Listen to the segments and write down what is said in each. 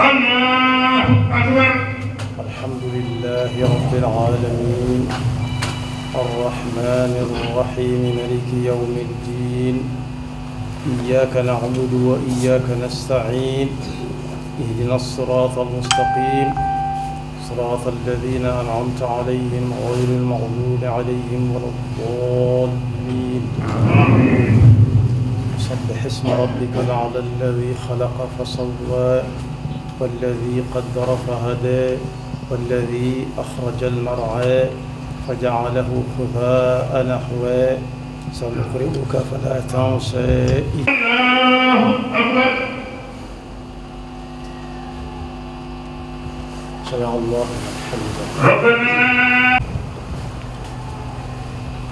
الله أكبر الحمد لله رب العالمين الرحمن الرحيم ملك يوم الدين إياك نعبد وإياك نستعين اهدنا الصراط المستقيم صراط الذين أنعمت عليهم غير المغضوب عليهم ولا الضالين سبح اسم ربك الأعلى الذي خلق فسوى والذي قدر فهدى والذي أخرج المرعى فجعله خفاء نحوا سنقرئك فلا تنسى الله أكبر سمع الله حمدا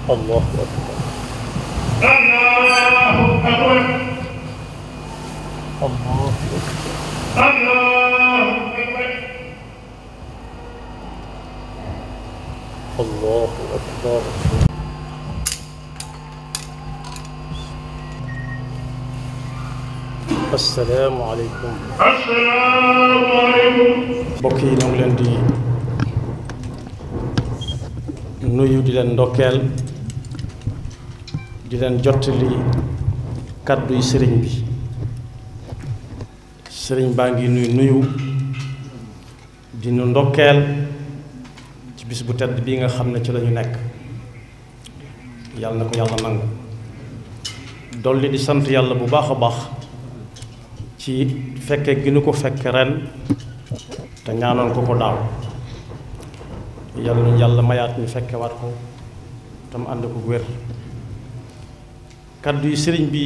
ربنا الله أكبر الله أكبر الله أكبر الله الله أكبر asalaamaaleykum. yi ñoo leen di nuyu di leen ndokkeel di leen jottali kàddu sëriñ bi sëriñ baa ngi nuyu nuyu di ndokkeel. bis bu tedd bii nga xam ne ci lañu nekk yàlla na ko yàlla nangu dolli di sant yàlla bu baax a baax ci fekke gi nu ko fekk ren te ñaanoon ko ko daaw yàlla yàlla mayaat ñu fekkewaat ko tam ànd ko wér kàddu yi sëriñ bi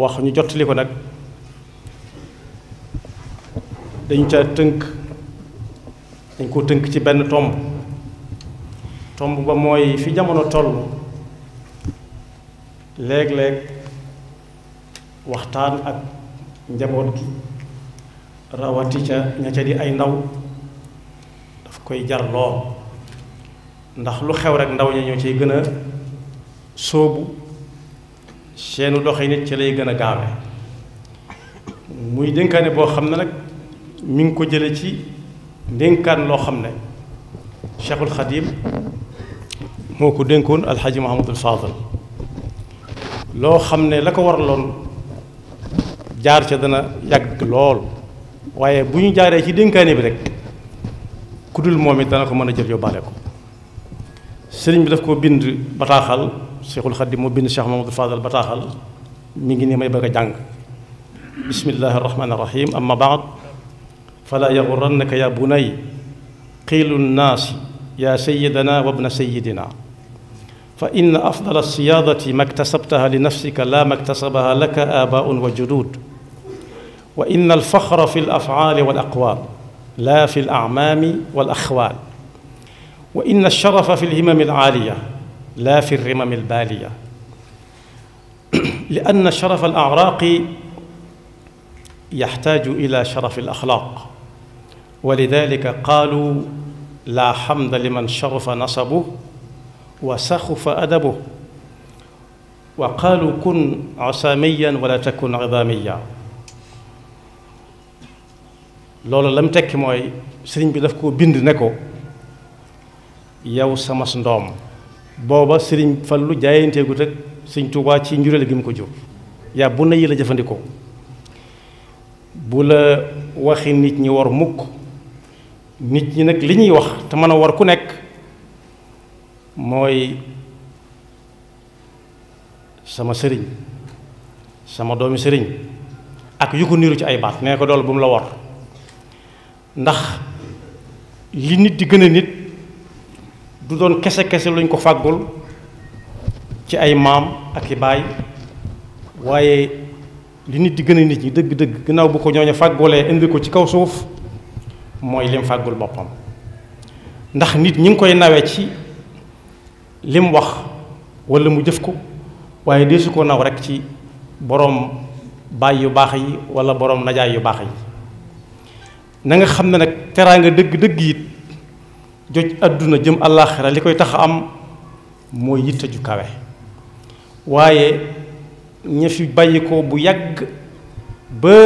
wax ñu jottali nag dañ ca tënk dañ koo tënk ci benn tomb tomb ba mooy fi jamono toll léeg-léeg waxtaan ak njaboot gi rawati ca ña ca di ay ndaw daf koy jar lool ndax lu xew rek ndaw ña ñoo ciy gën a sóobu seenu doxe nit ci lay gën a gaawe muy jënkaane boo xam ne nag mi ngi ko jële ci ndénkaan loo xam ne Cheikhul Khadim moo ko dénkoon alxaji Mahamadul Fadal loo xam ne la ko war waraloon jaar ca dana yàgg lool waaye bu ñu jaaree ci dénkaane bi rek ku dul moom it dana ko mën a jël yóbbaale ko sëriñ bi daf ko bind bataaxal Cheikhul Khadim moo bind Cheikh Mahamadul Fadal bataaxal mu ngi nii may bëgg a jàng bismillahi rahmaani rahim amma baad falaa yaxurannaka yaa bunay qiilu nnaasi yaa sayidana wa bna sayidina fa inna afdal alsiyaadati ma ktasabtaha li nafsika laa ma ktasabaha laka aabaun wa juduud wa inna alfaxra fi alafcaali wal aqwaal laa fi alacmaami wal axwaal wa inna alsharafa fi alhimami alcaaliya laa fi alrimami albaaliya li anna sharafa alacraaqi yaxtaaju ila sharafi alaxlaaq walidalika qaalu laa xamda man sharufa nasabu wa saxufa adabu wa qaalu kun osaamiyan wala loolu la mu tekki mooy sëriñ bi daf koo bind ne ko yow samas booba sëriñ Fallu jaayanteegut ak sëriñ ci njureel gi ko jur yaa jëfandikoo bu waxi nit ñi war mukk nit ñi nag li ñuy wax te mën a war ku nekk mooy sama sëriñ sama doomi sëriñ ak yu ko niru ci ay baat nee ko dool bu mu la war ndax li nit di gën a nit du doon kese kese luñ ko fàggul ci ay maam ak i baay waaye li nit di gën a nit ñi dëgg-dëgg gannaaw bu ko ñooñu fàggulee indi ko ci kaw suuf mooy lim fàggul boppam ndax nit ñi ngi koy nawe ci lim wax wala mu jëf ko waaye deesu ko naw rek ci boroom baay baax yi wala boroom najaay yu baax yi nanga xam ne nag teraanga dëgg-dëgg it joj àdduna jëm àllaaxira li koy tax a am mooy yitte ju kawe waaye ña fi bu yàgg ba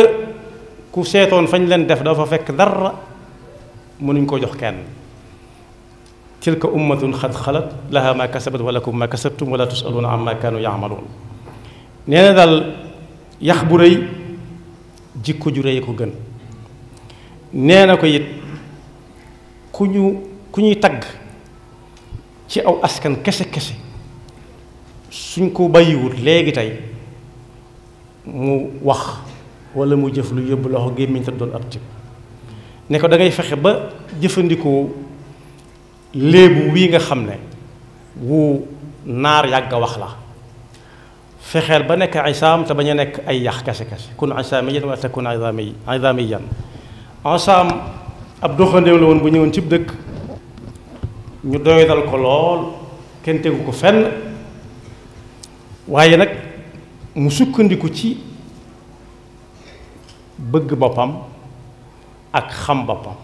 ku seetoon fañ leen def dafa fekk dara mënuñ koo jox kenn tilka ummatun xad xalat laha ma kasabat wa lakum ma kasabtum wala tusaluuna amma kaanu yaamaluun nee na daal yax bu rëy jikko ju rëy ko gën nee na ko it ku ñu ku ñuy tagg ci aw askan kese kese suñ ko bàyyiwut léegi tey mu wax wala mu jëf lu yóbbu loxo gémmiñ te doon ab tib ne ko da ngay fexe ba jëfandikoo léebu wii nga xam ne wu naar yàgg a wax la fexeel ba nekk isaam te ba ñu nekk ay yax kese kese kun isaamiyan wala takun isaami isaamiyan isaam ab doxandéem la woon bu ñëwoon cib dëkk ñu doyadal ko lool kenn tegu ko fenn waaye nag mu sukkandiku ci bëgg boppam ak xam boppam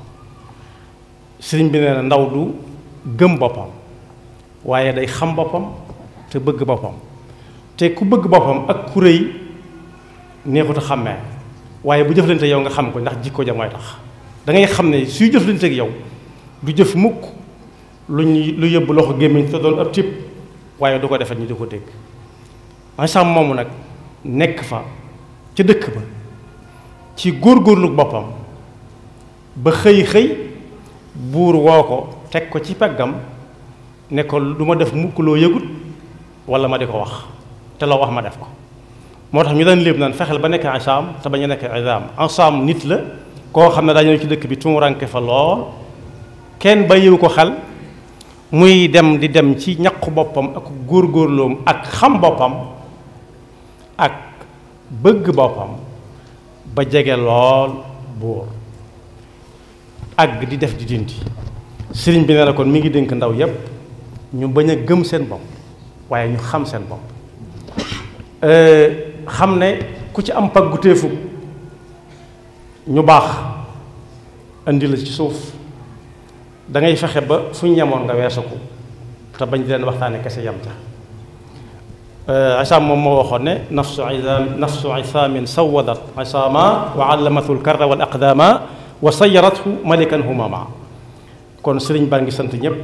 sëriñ bi nee na ndaw du gëm boppam waaye day xam boppam te bëgg boppam te ku bëgg boppam ak ku rëy neexut a xàmmee waaye bu jëf jëflante yow nga xam ko ndax jikko ja mooy tax dangay xam ne suy jëflante ak yow du jëf mukk lu ñuy lu yëbb loxo gémmiñ sa doon ab tibb waaye du ko defet ñu di ko dégg ansam moomu nag nekk fa ca dëkk ba ci góor góorgóorlu boppam ba xëy xëy buur woo ko teg ko ci peggam ne ko du ma def mukk loo yëgut wala ma di ko wax te loo wax ma def ko moo tax ñu daan léeb naan fexeel ba nekk ensaam te bañ a nekk ensaam ensaam nit la koo xam ne daa ñëw ci dëkk bi tumuranke fa lool kenn bàyyiwu ko xel muy dem di dem ci ñaqu boppam ak góorloom ak xam boppam ak bëgg boppam ba jege lool buur àgg di def di dindi sëriñ bi ne la kon mu ngi dénk ndaw yépp ñu bañ a gëm seen bopp waaye ñu xam seen bopp euh, xam ne ku ci am paggu teefu ñu baax indi la ci suuf dangay fexe ba fu ñu yemoon nga weesu ko te bañ di leen waxtaane kese yam ca euh, asaam moom moo waxoon ne nafsu isaam nafsu isaamin sawadat isaama wa allamatul karra wal aqdaama wa sayarathu malikan humama kon sëriñ baa ngi sant ñëpp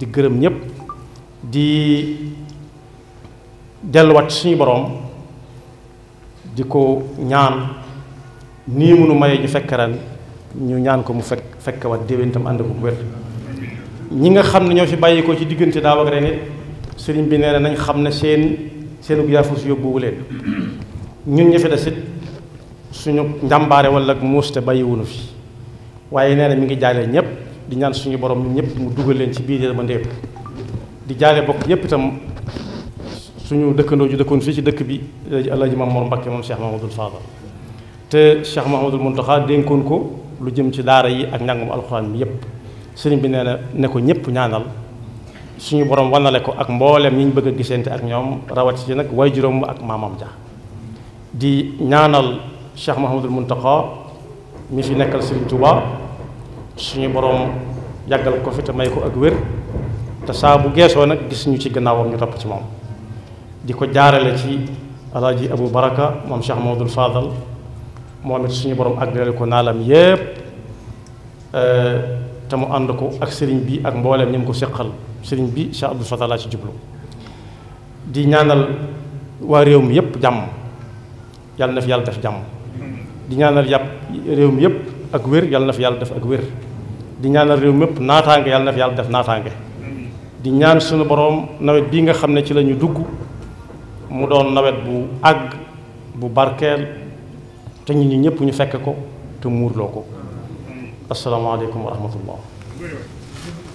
di gërëm ñëpp di delluwaat suñu boroom di ko ñaan nii mënu maye ñu fekk ren ñu ñaan ko mu fekk fekkewaat déwén tam ànd ko wér ñi nga xam ne ñoo fi bàyyi ko ci diggante daa ak ren it sëriñ bi nee nañ xam ne seen seen yaafus yóbbuwu leen ñun ñi fi des suñu njàmbaare wala muus te bàyyiwunu fi waaye nee na mi ngi jaale ñëpp di ñaan suñu borom ñëpp mu dugal leen ci biir yërmande di jaale bokk yëpp itam suñu dëkkandoo ju dëkkoon fii ci dëkk bi Alaaji Maam Mor Mbakke moom Cheikh Mahamadul Fadal te Cheikh Mahamadul Muntaxa dénkoon ko lu jëm ci daara yi ak njàngum alxuraan bi yëpp sëriñ bi nee na ne ñëpp ñaanal suñu borom wanale ko ak mboolem ñi bëgg a gisante ak ñoom rawati ci nag way juróom ak maamam ja di ñaanal Cheikh Mahamadul Muntaxa mi fi nekkal Sëriñ Tuubaa suñu boroom yàggal ko fi te may ko ak wér te saa bu geesoo nag gis ñu ci gannaawam ñu topp ci moom di ko jaarale ci alaaji abu baraka moom Cheikh Mamadul Fadal moom it suñu borom àggale ko naalam yépp eh, te mu ànd ko ak sëriñ bi ak mbooleem ñi ko séqal sëriñ bi Cheikh Abdul Fadal laa ci jublu di ñaanal waa réew mi yépp jàmm yàlla na fi yàlla def jàmm di ñaanal yàpp réew mi yépp ak wér yàlla na fi yàlla def ak wér di ñaanal réew mépp naataange yàlla na fi yàlla def naataange di ñaan suñu boroom nawet bii nga xam ne ci lañuy dugg mu doon nawet bu àgg bu barkeel te ñun ñi ñëpp ñu fekk ko te muurloo ko asalaamaaleykum wa rahmatullah